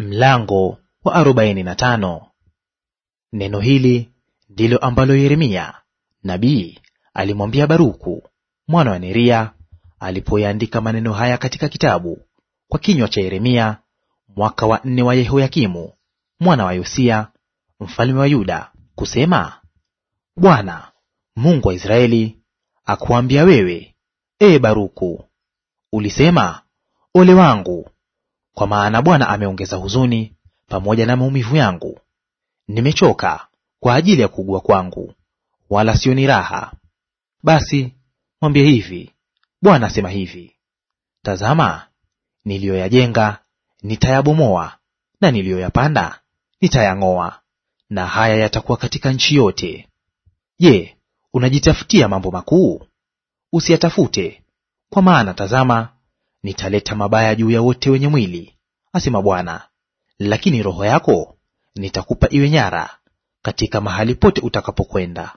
Mlango wa arobaini na tano. Neno hili ndilo ambalo Yeremia nabii alimwambia Baruku mwana wa Neria alipoyaandika maneno haya katika kitabu kwa kinywa cha Yeremia mwaka wa nne wa Yehoyakimu mwana wa Yosia mfalme wa Yuda, kusema: Bwana Mungu wa Israeli akuambia wewe, e Baruku, ulisema, ole wangu kwa maana Bwana ameongeza huzuni pamoja na maumivu yangu. Nimechoka kwa ajili ya kuugua kwangu, wala sioni raha. Basi mwambie hivi, Bwana asema hivi, tazama, niliyoyajenga nitayabomoa na niliyoyapanda nitayang'oa, na haya yatakuwa katika nchi yote. Je, unajitafutia mambo makuu? Usiyatafute. Kwa maana tazama, nitaleta mabaya juu ya wote wenye mwili, asema Bwana, lakini roho yako nitakupa iwe nyara katika mahali pote utakapokwenda.